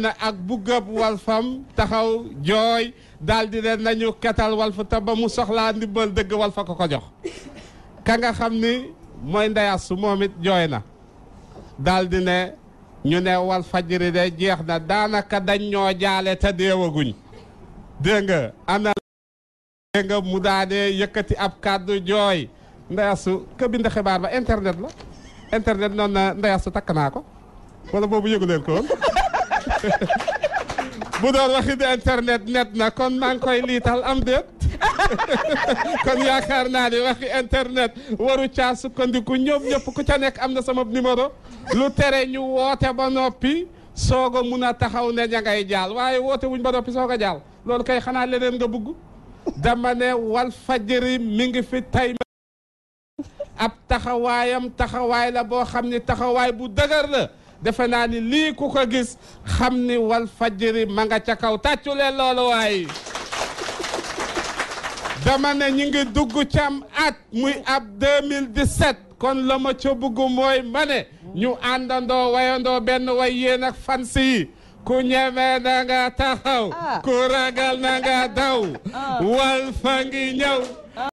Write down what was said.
na ak bu gëb fam taxaw jooy daal di ne nañu ketal walf te ba mu soxlaa ndimbal dëgg walfa ko ko jox ka nga xam ni mooy ndeyas su moom it jooy na daldi ne ñu ne wal fajri de jeex na daanaka dañ ñoo jaale te deewaguñ dégg nga ana dégg mu daadee yëkkati ab kàddu jooy ndeyasu ka bind xibaar ba internet la internet noonu na ndeyasu takk naa ko wala boobu yëgu leen ko bu doon waxi internet net na kon maa ngi koy liital am déet kon yaakaar naa ni waxi internet waru caa sukkandiku ñoom ñëpp ku ca nekk am na sama numéro lu tere ñu woote ba noppi soog a mun a taxaw ne ña ngay jaal waaye woote wuñ ba noppi soog a jaal loolu kay xanaa leneen nga bugg dama ne wal fajri mi ngi fi tay ab taxawaayam taxawaay la boo xam ni taxawaay bu dëgër la defe naa ni lii ku ko gis xam ni wal fajiri ma nga ca kaw tàccu leen loolu waay dama ne ñu ngi dugg ci am at muy ab 2017 kon la ma ca bugg mooy ma ne ñu àndandoo wayandoo benn way yéen ak fans yi ku ñeme na taxaw ah. ku ragal na daw ah. wal fa ngi ñëw